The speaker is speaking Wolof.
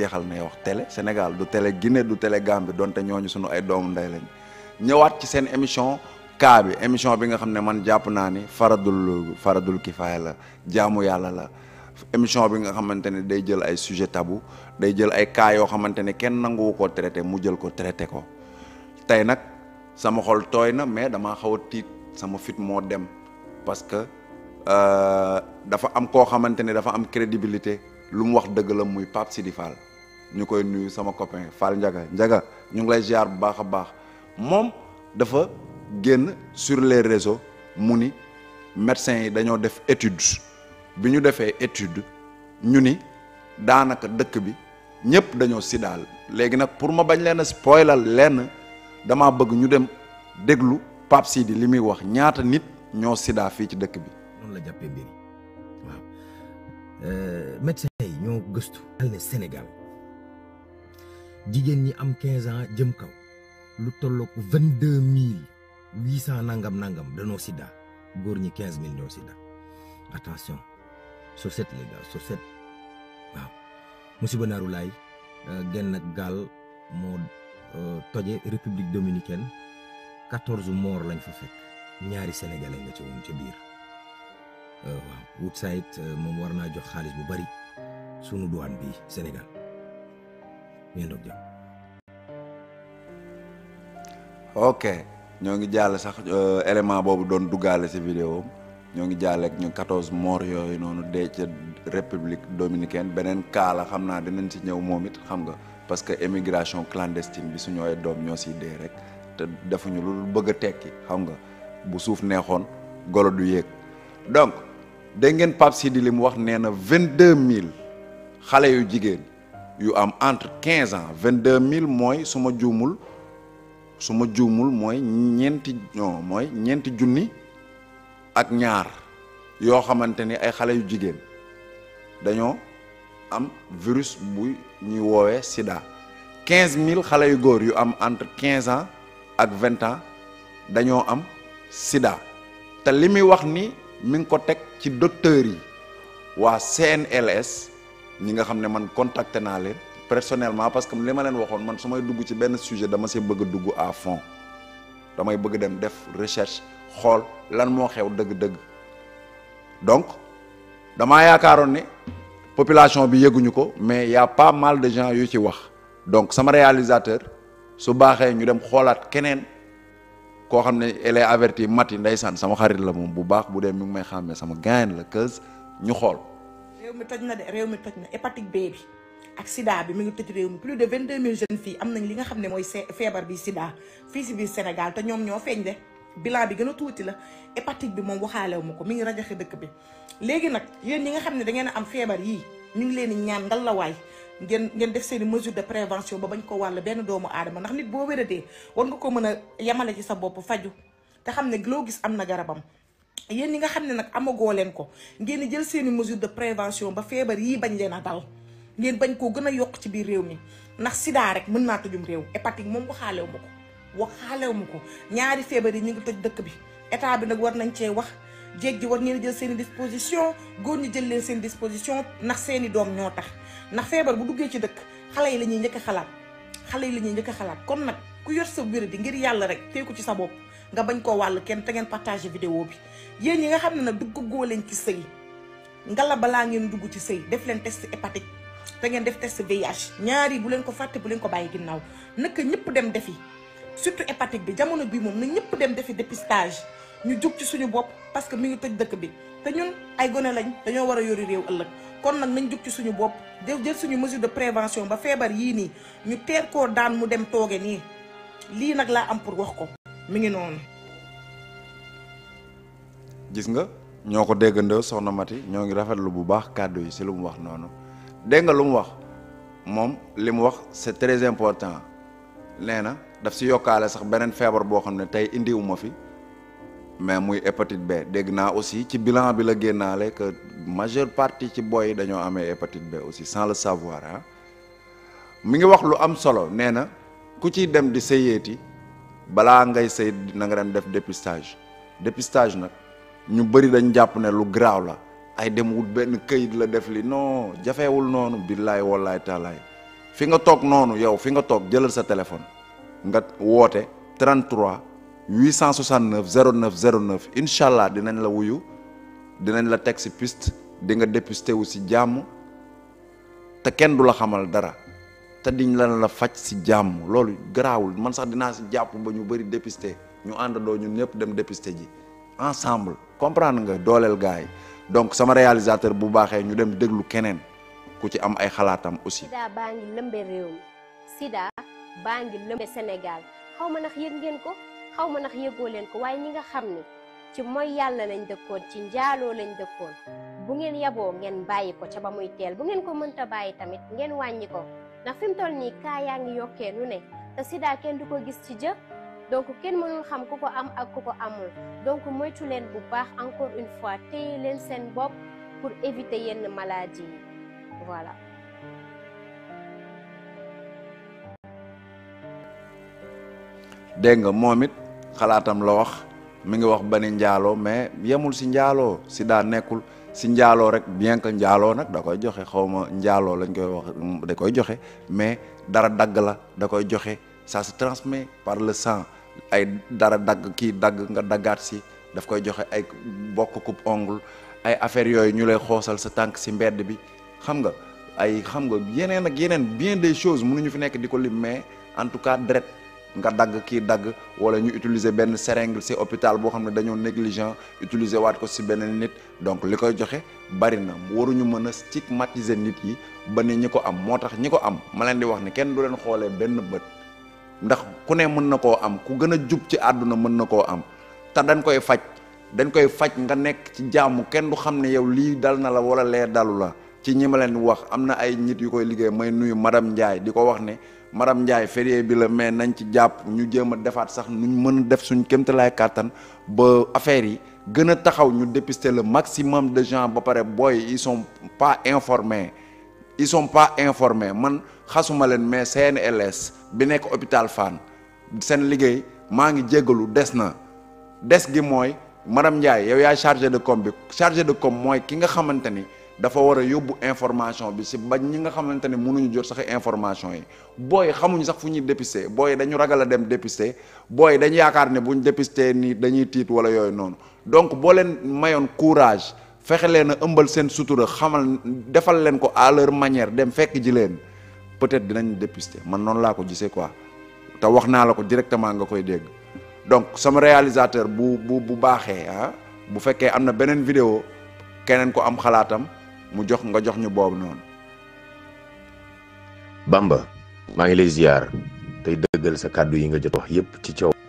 jeexal nay wax télé Sénégal du télé Guinée du télé Gambie donte ñooñu sunu ay doomu ndey lañ ñëwaat ci seen émission kaa bi émission bi nga xam ne man jàpp naa ni faradul faradul kifaaya la jaamu yàlla la émission bi nga xamante ne day jël ay sujet tabu day jël ay cas yoo xamante ne kenn nanguwu ko traité mu jël ko traité ko tey nag sama xol tooy na mais dama xaw a tiit sama fit moo dem parce que euh, dafa am koo xamante ne dafa am crédibilité lu mu wax dëgg la muy Pape Sidi Fall ñu koy nuyu sama copain Fall Ndiaga Ndiaga ñu ngi lay ziar bu baax a baax moom dafa génn sur les réseaux mu ni médecins yi dañoo def étude bi ñu defee étude ñu ni daanaka dëkk bi ñëpp dañoo sidaal léegi nag pour ma bañ leen a spoilal lenn damaa bëgg ñu dem déglu Pape Sidi li muy wax ñaata nit ñoo siddaa fii ci dëkk bi. noonu la jàppee mbir yi euh, ñoo gëstu. al ne Sénégal. jigéen ñi am 15 ans jëm kaw lu tollook 22000 800 nangam nangam danoo sida góor ñi 15000 ñoo sida attention sosette les gars sosette waaw musiba naaru laay euh, genn gaal moo euh, toje république dominicaine 14 morts lañ fa fekk ñaari sénégalais nga ci woon biir euh, waaw Woodside moom war naa jox xaalis bu bari sunu douane bi Sénégal. melodi ok ñoo ngi jàll sax euh, élément boobu doon duggaale si vidéo ñoo ngi jàll ak ñu 14 morts yooyu noonu dee ca république dominicaine beneen kaala xam naa dinañ ci ñëw moom it xam nga parce que émigration clandestine bi suñu ay doom ñoo siy dee rek te defuñu lu bëgg a tekki xam nga bu suuf neexoon golo du yéeg donc dégg ngeen Pape di li wax nee na 22000 xale yu jigéen. yu am entre quinze ans vingt deux mille mooy suma juumul suma juumul mooy ñeenti mooy ñeenti junni ak ñaar yoo xamante ni ay xale yu jigéen dañoo am virus bu ñuy woowee sida quinze mille xale yu góor yu am entre quinze ans ak vingt ans dañoo am sida te li muy wax ni mi ngi ko teg ci docteurs yi waa CNLS ñi nga xam ne man contacté naa leen personnellement parce que li ma leen waxoon man su may dugg ci benn sujet dama see bëgg a dugg à fond damay bëgg dem def recherche xool lan moo xew dëgg-dëgg donc dama yaakaaroon ni population bi yëguñu ko mais y a pas mal de gens yu ci wax donc sama réalisateur su baaxee ñu dem xoolaat keneen koo xam ne elle averti Mati ndeysaan sama xarit la moom bu baax bu dee mi ngi may xàmmee sama gain la keus ñu xool réew mi toj na de réew mi toj na hépatique B bi ak sida bi mi ngi toj réew mi plus de vingt deux mille jeunes filles am nañ li nga xam ne mooy feebar bi sida fii si biir Sénégal te ñoom ñoo feeñ le bilan bi gën a tuuti la hépatique bi moom waxaalewu ma ko mi ngi rajaxe dëkk bi léegi nag yéen ñi nga xam ne da ngeen a am feebar yi ñu leen di ñaan ngal la waay ngeen ngeen def seen i mesure de prévention ba bañ ko wàll benn doomu aadama ndax nit boo wéradee war nga ko mën a yemale ci sa bopp faju te xam ne loo gis am na garabam yéen ñi nga xam ne nag amagoo leen ko ngeen jël seeni mesure de prévention ba feebar yii bañ leen a dal ngeen bañ koo gën a yokk ci biir réew mi ndax sida rek mën naa tëjum réew hépatique moom waxaalew ma ko waxaalew ma ko ñaari feebar yi ñu ngi toj dëkk bi état bi nag war nañ cee wax jéeg ji war ngeen jël seen i disposition góor ñi jël leen seen disposition ndax seen doom ñoo tax ndax feebar bu duggee ci dëkk xale yi lañuy ñuy njëkk xalaat xale yi la ñuy njëkk xalaat kon nag ku yor sa wér bi ngir yàlla rek téye ci sa bopp nga bañ koo wàll kenn te ngeen partagé vidéo bi yéen ñi nga xam ne nag dugg góo leen ci sëy ngala balaa ngeen dugg ci sëy def leen test hépatique te ngeen def test VIH ñaari bu leen ko fàtte bu leen ko bàyyi ginnaaw naka ñëpp dem defi surtout hépatique bi jamono bii moom na ñëpp dem defi dépistage ñu jug ci suñu bopp parce que mi ngi toj dëkk bi te ñun ay gone lañ dañoo war a yori réew ëllëg kon nag nañ jug ci suñu bopp jël suñu mesure de prévention ba feebar yii nii ñu teer koo daan mu dem tooge nii lii nag laa am pour wax ko mi ngi noonu. gis nga ñoo ko déggandoo soxna Mati ñoo ngi rafetlu bu baax kàddu yi si lu mu wax noonu dégg nga lu mu wax moom li mu wax c'est très important nee na daf si yokkaale sax beneen feebar boo xam ne tey indiwu ma fi mais muy hépatite B dégg naa aussi ci bilan bi la génnaale que majeure partie ci boy dañoo amee hépatite B aussi sans le savoir ah mi ngi wax lu am solo nee na. ku ciy dem di sëyeeti balaa ngay sëy na dem def dépistage dépistage nag ñu bëri dañ jàpp ne lu garaaw la ay dem wut benn këyit la def li non jafewul noonu billaay wallaay taalaay fi nga toog noonu yow fi nga toog jëlal sa téléphone nga woote 33 869 09 09 incha allah dinañ la wuyu dinañ la teg si piste di nga dépisté wu si jàmm te kenn du la xamal dara te diñ la la faj si jàmm loolu garaawul man sax dinaa si jàpp ba ñu bari dépister ñu àndandoo ñu ñëpp dem dépister ji ensemble comprendre nga dooleel gars yi donc sama réalisateur bu baaxee ñu dem déglu keneen ku ci am ay xalaatam aussi. Sida baa ngi lëmbe réew mi Sida baa ngi lëmbe Sénégal xaw ma ndax yëg ngeen ko xaw ma ndax yëgoo leen ko waaye ñi nga xam ne ci mooy yàlla lañ dëkkoon ci njaaloo lañ dëkkoon bu ngeen yaboo ngeen bàyyi ko ca ba muy teel ko. ndax fi toll nii kaa yaa ngi yokkee nu ne te sida kenn du ko gis ci jë donc kenn mënul xam ku ko am ak ku ko amul donc moytu leen bu baax encore une fois téye leen seen bopp pour éviter yenn maladie voilà. dégg nga moom it xalaatam la wax mu ngi wax ba ni njaaloo mais yemul si njaaloo sida nekkul. si njaaloo rek bien que njaaloo nag da koy joxe xawma ma njaaloo lañ koy wax da koy joxe mais dara dagg la da koy joxe ça se par le sang ay dara dagg kii dagg nga daggaat si daf koy joxe ay bokk coupe ongle ay affaire yooyu ñu lay xoosal sa tànk si mbedd bi xam nga ay xam nga yeneen ak yeneen bien des choses ñu fi nekk di ko lim mais en tout cas dret nga dagg kii dagg wala ñu utiliser benn seringue si hôpital boo xam ne dañoo négligent utiliser waat ko si beneen nit donc li koy joxe bari na waruñu mën a stigmatiser nit yi ba ne ñi ko am moo tax ñi ko am ma leen di wax ne kenn du leen xoolee benn bët ndax ku ne mën na koo am ku gën a jub ci àdduna mën na koo am te dañ koy faj dañ koy faj nga nekk ci jàmm kenn du xam ne yow lii dal na la wala lee dalu la ci ñi ma leen wax am na ay nit yu koy liggéey may nuyu madame Ndiaye di ko wax ne Maram Ndiaye férié bi la mais nañ ci jàpp ñu jéem a defaat sax nuñ mën a def suñ kéemtalaay kàttan ba affaire yi gën a taxaw ñu dépister le maximum de gens ba pare booy ils sont pas informés ils sont pas informés man xasuma leen mais CNLS bi nekk hôpital Fann seen liggéey maa ngi jéggalu des na des gi mooy Maram Ndiaye yow yaay chargé de com bi chargé de com mooy ki nga xamante ni. dafa war a yóbbu information bi si bañ ñi nga xamante ne mënuñu jot sax information yi booy xamuñu sax fu ñuy dépister booy dañu ragal a dem dépister booy dañu yaakaar ne buñ dépister nii dañuy tiit wala yooyu noonu donc boo leen mayoon courage fexe leen a ëmbal seen sutura xamal defal leen ko à leur manière dem fekk ji leen peut-être dinañ dépister man noonu laa ko gisee quoi te wax naa la ko directement nga koy dégg donc sama réalisateur bu bu bu baaxee ah bu fekkee am na beneen vidéo keneen ko am xalaatam mu jox nga jox ñu boobu noonu. Bamba maa ngi lay ziar tey dëggal sa kàddu yi nga jot wax yëpp ci coow.